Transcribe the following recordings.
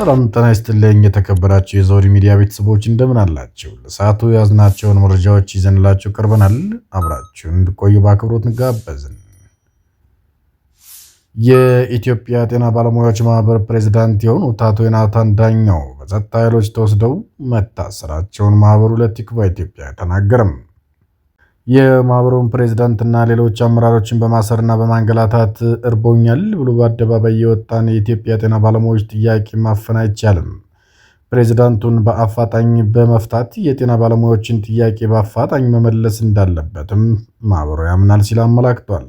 ሰላም ጤና ይስጥልኝ። የተከበራችሁ የዘውድ ሚዲያ ቤተሰቦች እንደምን አላችሁ? ለሰዓቱ ያዝናቸውን መረጃዎች ይዘንላችሁ ቀርበናል። አብራችሁ እንድቆዩ በአክብሮት እንጋበዝን። የኢትዮጵያ ጤና ባለሙያዎች ማህበር ፕሬዝዳንት የሆኑት አቶ ዮናታን ዳኛው በጸጥታ ኃይሎች ተወስደው መታሰራቸውን ማህበሩ ለቲክቫ ኢትዮጵያ ተናገረም። የማህበሩን ፕሬዝዳንትና ሌሎች አመራሮችን በማሰርና በማንገላታት እርቦኛል ብሎ በአደባባይ የወጣን የኢትዮጵያ ጤና ባለሙያዎች ጥያቄ ማፈን አይቻልም። ፕሬዚዳንቱን በአፋጣኝ በመፍታት የጤና ባለሙያዎችን ጥያቄ በአፋጣኝ መመለስ እንዳለበትም ማህበሩ ያምናል ሲል አመላክቷል።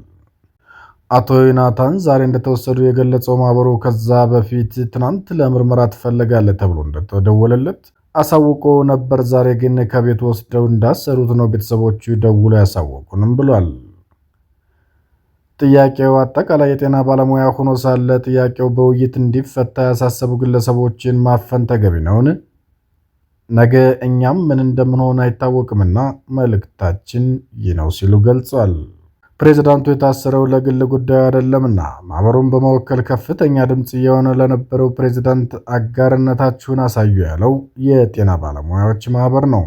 አቶ ዮናታን ዛሬ እንደተወሰዱ የገለጸው ማህበሩ ከዛ በፊት ትናንት ለምርመራ ትፈለጋለህ ተብሎ እንደተደወለለት አሳውቆ ነበር። ዛሬ ግን ከቤት ወስደው እንዳሰሩት ነው ቤተሰቦቹ ደውሎ ያሳወቁንም ብሏል። ጥያቄው አጠቃላይ የጤና ባለሙያ ሆኖ ሳለ ጥያቄው በውይይት እንዲፈታ ያሳሰቡ ግለሰቦችን ማፈን ተገቢ ነውን? ነገ እኛም ምን እንደምንሆን አይታወቅምና መልእክታችን ይህ ነው ሲሉ ገልጿል። ፕሬዚዳንቱ የታሰረው ለግል ጉዳዩ አይደለምና ማህበሩን በመወከል ከፍተኛ ድምፅ የሆነ ለነበረው ፕሬዚዳንት አጋርነታችሁን አሳዩ ያለው የጤና ባለሙያዎች ማህበር ነው።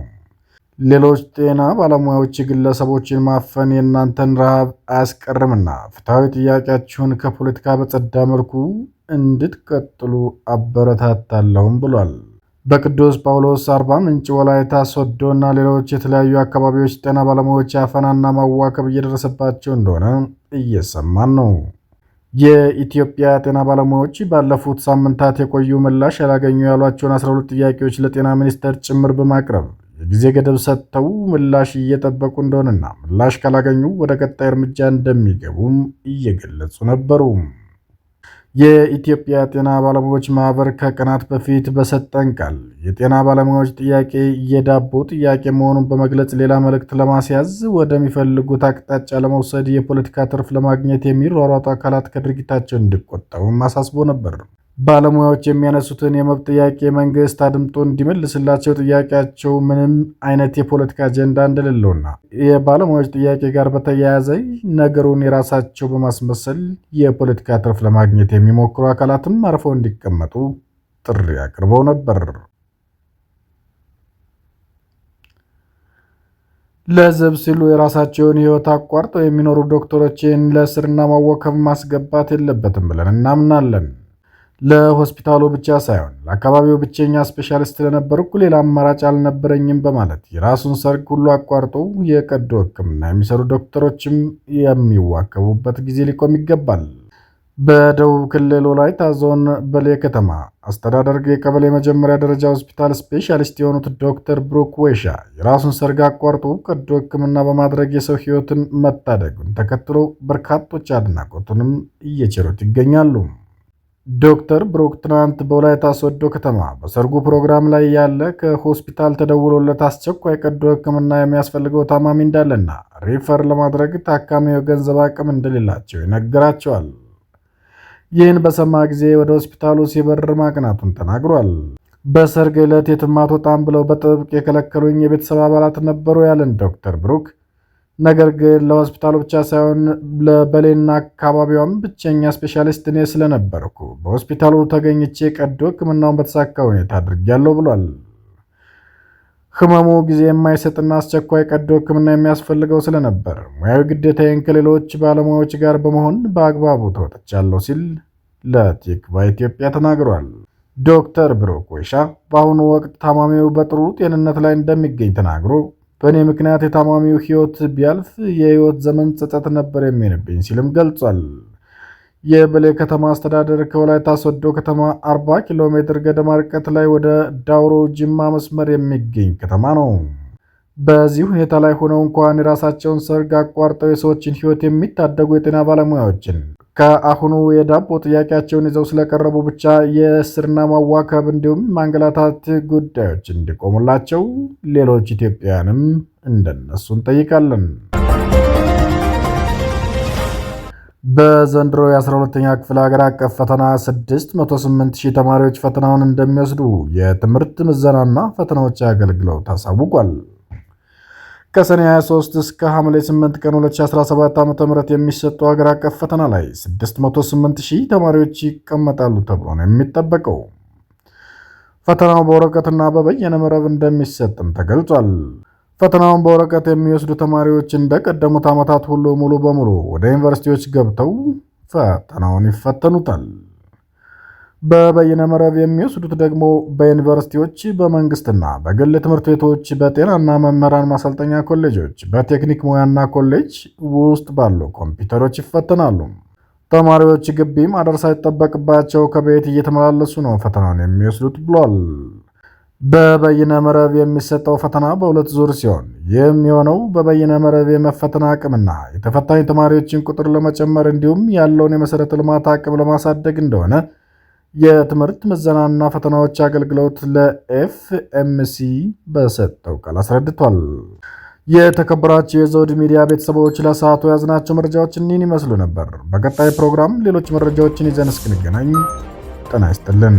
ሌሎች ጤና ባለሙያዎች ግለሰቦችን ማፈን የእናንተን ረሃብ አያስቀርምና ፍትሐዊ ጥያቄያችሁን ከፖለቲካ በጸዳ መልኩ እንድትቀጥሉ አበረታታለሁም ብሏል። በቅዱስ ጳውሎስ፣ አርባ ምንጭ፣ ወላይታ ሶዶ እና ሌሎች የተለያዩ አካባቢዎች ጤና ባለሙያዎች አፈናና ማዋከብ እየደረሰባቸው እንደሆነ እየሰማን ነው። የኢትዮጵያ ጤና ባለሙያዎች ባለፉት ሳምንታት የቆዩ ምላሽ ያላገኙ ያሏቸውን 12 ጥያቄዎች ለጤና ሚኒስቴር ጭምር በማቅረብ የጊዜ ገደብ ሰጥተው ምላሽ እየጠበቁ እንደሆነና ምላሽ ካላገኙ ወደ ቀጣይ እርምጃ እንደሚገቡም እየገለጹ ነበሩ። የኢትዮጵያ ጤና ባለሙያዎች ማህበር ከቀናት በፊት በሰጠን ቃል የጤና ባለሙያዎች ጥያቄ የዳቦ ጥያቄ መሆኑን በመግለጽ ሌላ መልእክት ለማስያዝ ወደሚፈልጉት አቅጣጫ ለመውሰድ የፖለቲካ ትርፍ ለማግኘት የሚሯሯጡ አካላት ከድርጊታቸው እንዲቆጠቡም አሳስቦ ነበር። ባለሙያዎች የሚያነሱትን የመብት ጥያቄ መንግስት አድምጦ እንዲመልስላቸው ጥያቄያቸው ምንም አይነት የፖለቲካ አጀንዳ እንደሌለውና የባለሙያዎች ጥያቄ ጋር በተያያዘ ነገሩን የራሳቸው በማስመሰል የፖለቲካ ትርፍ ለማግኘት የሚሞክሩ አካላትም አርፈው እንዲቀመጡ ጥሪ አቅርበው ነበር። ለህዝብ ሲሉ የራሳቸውን ህይወት አቋርጠው የሚኖሩ ዶክተሮችን ለእስርና ማወከብ ማስገባት የለበትም ብለን እናምናለን። ለሆስፒታሉ ብቻ ሳይሆን ለአካባቢው ብቸኛ ስፔሻሊስት ስለነበርኩ ሌላ አማራጭ አልነበረኝም በማለት የራሱን ሰርግ ሁሉ አቋርጦ የቀዶ ሕክምና የሚሰሩ ዶክተሮችም የሚዋከቡበት ጊዜ ሊቆም ይገባል። በደቡብ ክልል ወላይታ ዞን በሌ ከተማ አስተዳደር የቀበሌ የመጀመሪያ ደረጃ ሆስፒታል ስፔሻሊስት የሆኑት ዶክተር ብሩክ ወይሻ የራሱን ሰርግ አቋርጦ ቀዶ ሕክምና በማድረግ የሰው ሕይወትን መታደጉን ተከትሎ በርካቶች አድናቆትንም እየቸሩት ይገኛሉ። ዶክተር ብሩክ ትናንት በወላይታ ሶዶ ከተማ በሰርጉ ፕሮግራም ላይ ያለ ከሆስፒታል ተደውሎለት አስቸኳይ ቀዶ ሕክምና የሚያስፈልገው ታማሚ እንዳለና ሪፈር ለማድረግ ታካሚው የገንዘብ አቅም እንደሌላቸው ይነግራቸዋል። ይህን በሰማ ጊዜ ወደ ሆስፒታሉ ሲበር ማቅናቱን ተናግሯል። በሰርግ ዕለት የትማት ወጣም ብለው በጥብቅ የከለከሉኝ የቤተሰብ አባላት ነበሩ ያለን ዶክተር ብሩክ ነገር ግን ለሆስፒታሉ ብቻ ሳይሆን በሌና አካባቢዋም ብቸኛ ስፔሻሊስት እኔ ስለነበርኩ በሆስፒታሉ ተገኝቼ ቀዶ ሕክምናውን በተሳካ ሁኔታ አድርጌያለሁ ብሏል። ህመሙ ጊዜ የማይሰጥና አስቸኳይ ቀዶ ሕክምና የሚያስፈልገው ስለነበር ሙያዊ ግዴታዬን ከሌሎች ባለሙያዎች ጋር በመሆን በአግባቡ ተወጥቻለሁ ሲል ለቲክቫ ኢትዮጵያ ተናግሯል። ዶክተር ብሮኮሻ! ወይሻ በአሁኑ ወቅት ታማሚው በጥሩ ጤንነት ላይ እንደሚገኝ ተናግሮ በእኔ ምክንያት የታማሚው ህይወት ቢያልፍ የህይወት ዘመን ጸጸት ነበር የሚሆንብኝ ሲልም ገልጿል። የበሌ ከተማ አስተዳደር ከወላይታ ሶዶ ከተማ 40 ኪሎ ሜትር ገደማ ርቀት ላይ ወደ ዳውሮ ጅማ መስመር የሚገኝ ከተማ ነው። በዚህ ሁኔታ ላይ ሆነው እንኳን የራሳቸውን ሰርግ አቋርጠው የሰዎችን ህይወት የሚታደጉ የጤና ባለሙያዎችን ከአሁኑ የዳቦ ጥያቄያቸውን ይዘው ስለቀረቡ ብቻ የእስርና ማዋከብ እንዲሁም ማንገላታት ጉዳዮች እንዲቆሙላቸው ሌሎች ኢትዮጵያውያንም እንደነሱ እንጠይቃለን። በዘንድሮ የ12ኛ ክፍል ሀገር አቀፍ ፈተና 608 ሺህ ተማሪዎች ፈተናውን እንደሚወስዱ የትምህርት ምዘናና ፈተናዎች አገልግሎት አሳውቋል። ከሰኔ 23 እስከ ሐምሌ 8 ቀን 2017 ዓ ም የሚሰጠው ሀገር አቀፍ ፈተና ላይ ሺህ ተማሪዎች ይቀመጣሉ ተብሎ ነው የሚጠበቀው። ፈተናው በወረቀትና በበየነ መረብ እንደሚሰጥም ተገልጿል። ፈተናውን በወረቀት የሚወስዱ ተማሪዎች እንደ ቀደሙት ዓመታት ሁሉ ሙሉ በሙሉ ወደ ዩኒቨርሲቲዎች ገብተው ፈተናውን ይፈተኑታል። በበይነ መረብ የሚወስዱት ደግሞ በዩኒቨርሲቲዎች፣ በመንግስትና በግል ትምህርት ቤቶች፣ በጤናና መምህራን ማሰልጠኛ ኮሌጆች፣ በቴክኒክ ሙያና ኮሌጅ ውስጥ ባሉ ኮምፒውተሮች ይፈተናሉ። ተማሪዎች ግቢ ማደር ሳይጠበቅባቸው ከቤት እየተመላለሱ ነው ፈተናውን የሚወስዱት ብሏል። በበይነ መረብ የሚሰጠው ፈተና በሁለት ዙር ሲሆን ይህም የሆነው በበይነ መረብ የመፈተን አቅምና የተፈታኝ ተማሪዎችን ቁጥር ለመጨመር እንዲሁም ያለውን የመሰረተ ልማት አቅም ለማሳደግ እንደሆነ የትምህርት ምዘናና ፈተናዎች አገልግሎት ለኤፍኤምሲ በሰጠው ቃል አስረድቷል። የተከበራቸው የዘውድ ሚዲያ ቤተሰቦች ለሰዓቱ የያዝናቸው መረጃዎች እኒህን ይመስሉ ነበር። በቀጣይ ፕሮግራም ሌሎች መረጃዎችን ይዘን እስክንገናኝ ጤና ይስጥልን።